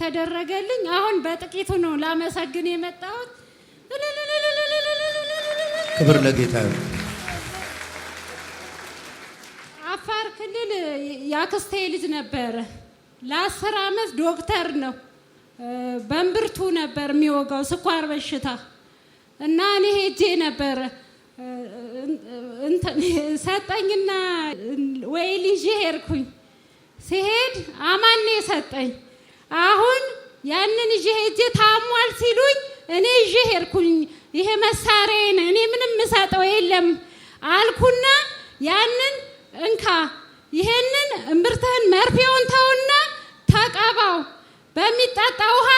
ተደረገልኝ። አሁን በጥቂቱ ነው ላመሰግን የመጣሁት። ክብር ለጌታ። አፋር ክልል የአክስቴ ልጅ ነበረ። ለአስር ዓመት ዶክተር ነው በእምብርቱ ነበር የሚወጋው ስኳር በሽታ እና እኔ ሄጄ ነበረ ሰጠኝና ወይ ልጅ ሄድኩኝ። ሲሄድ አማኔ ሰጠኝ። አሁን ያንን ይዤ ሄጄ ታሟል ሲሉኝ እኔ ይዤ ሄድኩኝ። ይሄ መሳሪያዬን እኔ ምንም ምሰጠው የለም አልኩና ያንን እንካ ይሄንን እምብርትህን መርፌውን ተውና ተቀባው በሚጠጣ ውሃ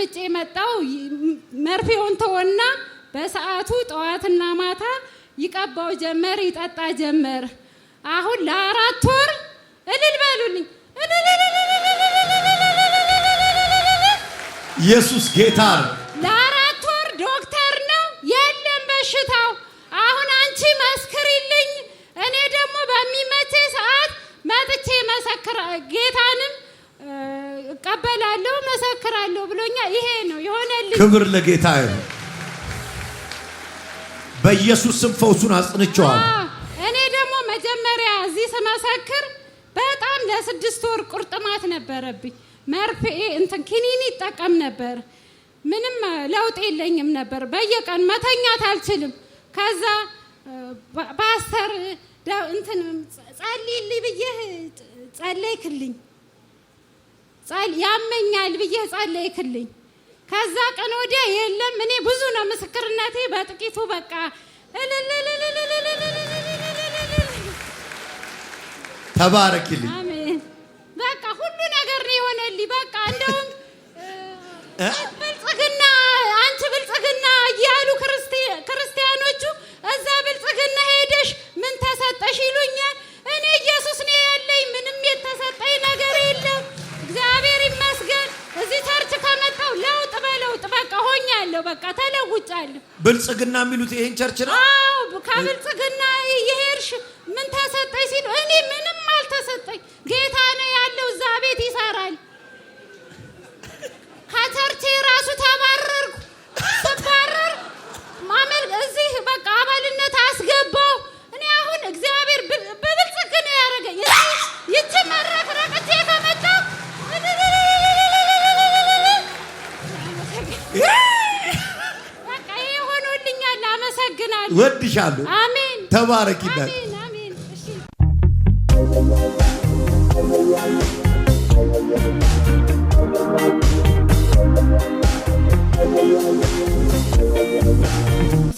አምጬ የመጣው መርፌውን ተወና በሰዓቱ ጠዋትና ማታ ይቀባው ጀመር፣ ይጠጣ ጀመር። አሁን ለአራት ወር እልል በሉልኝ። ኢየሱስ ጌታ ለአራት ወር ዶክተር ነው የለም በሽታው። አሁን አንቺ መስክሪልኝ፣ እኔ ደግሞ በሚመቼ ሰዓት መጥቼ መሰክር ጌታንም እቀበላለሁ፣ መሰክራለሁ ብሎኛ ይሄ ነው የሆነልኝ። ክብር ለጌታ ይሁን። በኢየሱስ ስም ፈውሱን አጽንቼዋለሁ። እኔ ደግሞ መጀመሪያ እዚህ ስመሰክር በጣም ለስድስት ወር ቁርጥማት ነበረብኝ። መርፌ እንትን ኪኒን ይጠቀም ነበር። ምንም ለውጥ የለኝም ነበር። በየቀን መተኛት አልችልም። ከዛ ፓስተር እንትን ጸልይልኝ ብዬ ጸለይክልኝ ያመኛል ብዬ ጸለይክልኝ። ከዛ ቀን ወዲያ የለም። እኔ ብዙ ነው ምስክርነቴ፣ በጥቂቱ በቃ ተባረክልኝ። አሜን። በቃ ሁሉ ነገር ነው የሆነልኝ። በቃ እንደውም ብልጽግና የሚሉት ይሄን ቸርች ነው። አዎ ከብልጽግና የሄድሽ ምን ተሰጠኝ ሲሉ እኔ ምንም አልተሰጠኝ። ጌታ ነው ያለው፣ እዛ ቤት ይሰራል። ከቸርቼ ራሱ ተባ አመሰግናለሁ። ወድሻለሁ። አሜን። ተባረኪበት።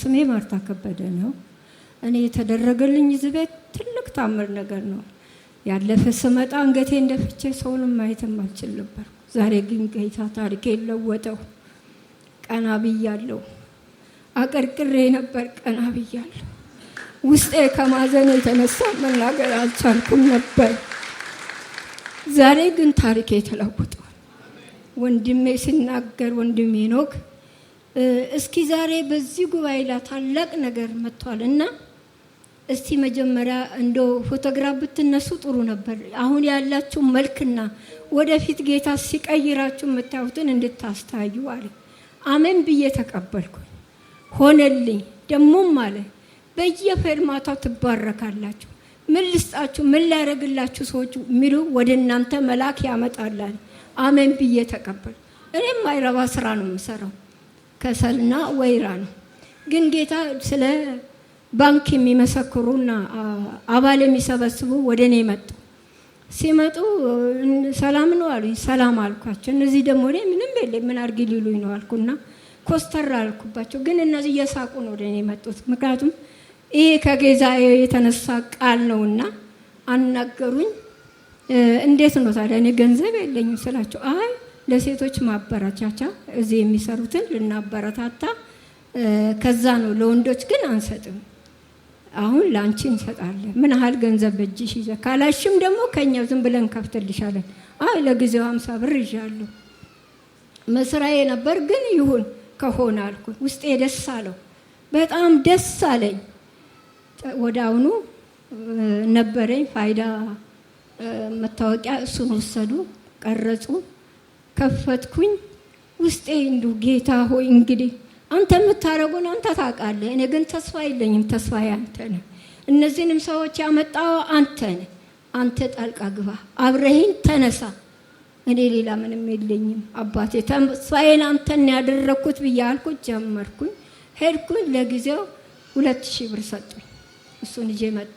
ስሜ ማርታ ከበደ ነው። እኔ የተደረገልኝ እዚህ ቤት ትልቅ ታምር ነገር ነው። ያለፈ ስመጣ አንገቴ እንደፍቼ ሰውንም ማየትም አልችል ነበር። ዛሬ ግን ጌታ ታሪኬ ለወጠው። ቀና ብያለሁ። አቀርቅሬ ነበር። ቀና ብያለሁ። ውስጤ ከማዘን የተነሳ መናገር አልቻልኩም ነበር። ዛሬ ግን ታሪክ ተለውጧል። ወንድሜ ሲናገር ወንድሜ ኖክ እስኪ ዛሬ በዚህ ጉባኤ ላይ ታላቅ ነገር መጥቷል እና እስቲ መጀመሪያ እንደ ፎቶግራፍ ብትነሱ ጥሩ ነበር። አሁን ያላችሁ መልክና ወደፊት ጌታ ሲቀይራችሁ የምታዩትን እንድታስታዩ አለ። አሜን ብዬ ተቀበልኩኝ። ሆነልኝ። ደግሞም አለ በየፌርማታው ትባረካላችሁ፣ ምን ልስጣችሁ፣ ምን ላደርግላችሁ ሰዎች የሚሉ ወደ እናንተ መልአክ ያመጣላል። አሜን ብዬ ተቀበል። እኔም አይረባ ስራ ነው የምሰራው፣ ከሰልና ወይራ ነው። ግን ጌታ ስለ ባንክ የሚመሰክሩና አባል የሚሰበስቡ ወደ እኔ መጡ። ሲመጡ ሰላም ነው አሉኝ። ሰላም አልኳቸው። እነዚህ ደግሞ እኔ ምንም የለ ምን አድርጊ ሊሉኝ ነው አልኩና ኮስተር አልኩባቸው። ግን እነዚህ እየሳቁ ነው ወደ እኔ የመጡት። ምክንያቱም ይሄ ከጌዛ የተነሳ ቃል ነውና አናገሩኝ። እንዴት ነው ታዲያ እኔ ገንዘብ የለኝም ስላቸው፣ አይ ለሴቶች ማበረቻቻ እዚህ የሚሰሩትን ልናበረታታ ከዛ ነው፣ ለወንዶች ግን አንሰጥም። አሁን ለአንቺ እንሰጣለን። ምን ያህል ገንዘብ በእጅሽ ይዘ ካላሽም ደግሞ ከኛ ዝም ብለን ከፍትልሻለን። አይ ለጊዜው አምሳ ብር ይዣለሁ መስራዬ ነበር ግን ይሁን ከሆነ አልኩ። ውስጤ ደስ አለው፣ በጣም ደስ አለኝ። ወደ አሁኑ ነበረኝ ፋይዳ መታወቂያ፣ እሱን ወሰዱ፣ ቀረጹ፣ ከፈትኩኝ። ውስጤ እንዱ ጌታ ሆይ እንግዲህ አንተ የምታደርጉን አንተ ታውቃለህ። እኔ ግን ተስፋ የለኝም፣ ተስፋ አንተ ነህ። እነዚህንም ሰዎች ያመጣው አንተ ነህ። አንተ ጣልቃ ግባ፣ አብረህን ተነሳ እኔ ሌላ ምንም የለኝም አባቴ፣ ተስፋዬን አንተን ያደረግኩት ብዬ አልኩት። ጀመርኩኝ፣ ሄድኩኝ። ለጊዜው ሁለት ሺህ ብር ሰጡኝ። እሱን ይዤ መጣ።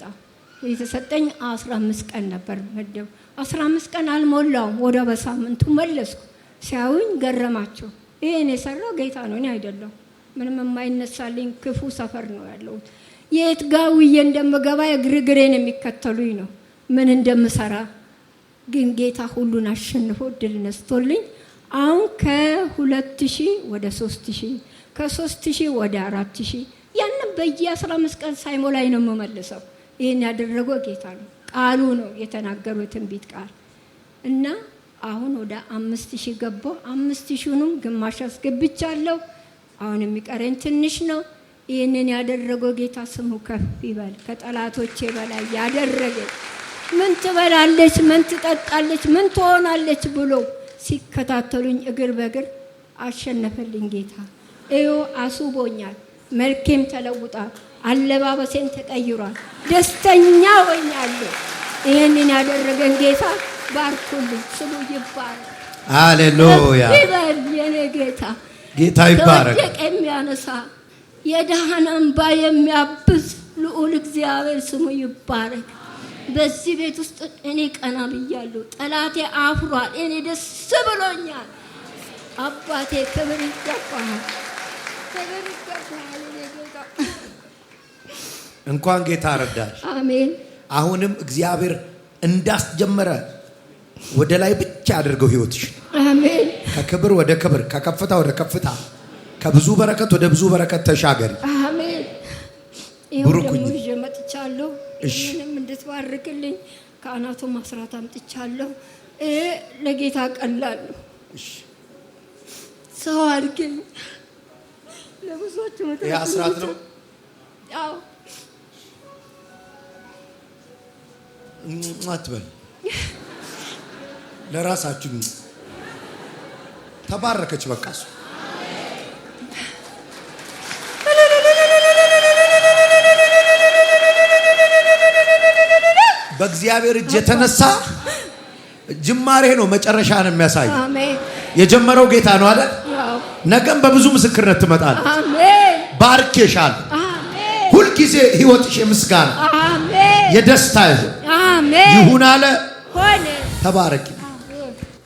የተሰጠኝ አስራ አምስት ቀን ነበር መደቡ። አስራ አምስት ቀን አልሞላውም፣ ወደ በሳምንቱ መለስኩ። ሲያዩኝ ገረማቸው። ይህን የሰራው ጌታ ነው፣ እኔ አይደለሁ። ምንም የማይነሳልኝ ክፉ ሰፈር ነው ያለሁት። የት ጋ ውዬ እንደምገባ የግርግሬን የሚከተሉኝ ነው ምን እንደምሰራ ግን ጌታ ሁሉን አሸንፎ ድል ነስቶልኝ አሁን ከሁለት ሺህ ወደ ሶስት ሺህ ከሶስት ሺህ ወደ አራት ሺህ ያንን በየአስራ አምስት ቀን ሳይሞላኝ ነው የምመልሰው። ይህን ያደረገው ጌታ ነው፣ ቃሉ ነው የተናገረው የትንቢት ቃል እና አሁን ወደ አምስት ሺህ ገባሁ። አምስት ሺሁንም ግማሽ አስገብቻለሁ። አሁን የሚቀረኝ ትንሽ ነው። ይህንን ያደረገው ጌታ ስሙ ከፍ ይበል፣ ከጠላቶቼ በላይ ያደረገ ምን ትበላለች፣ ምን ትጠጣለች፣ ምን ትሆናለች ብሎ ሲከታተሉኝ እግር በእግር አሸነፈልኝ ጌታ። እዩ አስውቦኛል። መልኬም ተለውጧል። አለባበሴም ተቀይሯል። ደስተኛ ሆኛለሁ። ይህንን ያደረገን ጌታ ባርኩልኝ። ስሙ ይባል። አሌሉያ ይበል የኔ ጌታ። ጌታ ይባረክ። የሚያነሳ የድሃን እንባ የሚያብስ ልዑል እግዚአብሔር ስሙ ይባረክ። በዚህ ቤት ውስጥ እኔ ቀና ብያለሁ። ጠላቴ አፍሯል፣ እኔ ደስ ብሎኛል። አባቴ ክብር ይገባሃል፣ ክብር ይገባሃል። እንኳን ጌታ ረዳሽ። አሜን። አሁንም እግዚአብሔር እንዳስጀመረ ወደ ላይ ብቻ ያደርገው ህይወትሽ። አሜን። ከክብር ወደ ክብር፣ ከከፍታ ወደ ከፍታ፣ ከብዙ በረከት ወደ ብዙ በረከት ተሻገሪ። አሜን። ይሁን ደግሞ መጥቻለሁ። እሺ እንድትባርክልኝ ከአናቶ ማስራት አምጥቻለሁ። ለጌታ ቀላሉ ሰው አድርግልኝ። ለብዙዎች አስራት ነው። አትበል ለራሳችሁ ተባረከች። በቃ እሱ በእግዚአብሔር እጅ የተነሳ ጅማሬ ነው መጨረሻ ነው የሚያሳይ የጀመረው ጌታ ነው አለ። ነገም በብዙ ምስክርነት ትመጣል። ባርኬሻል። ሁልጊዜ ህይወትሽ የምስጋና የደስታ ይሁን አለ። ተባረኪ።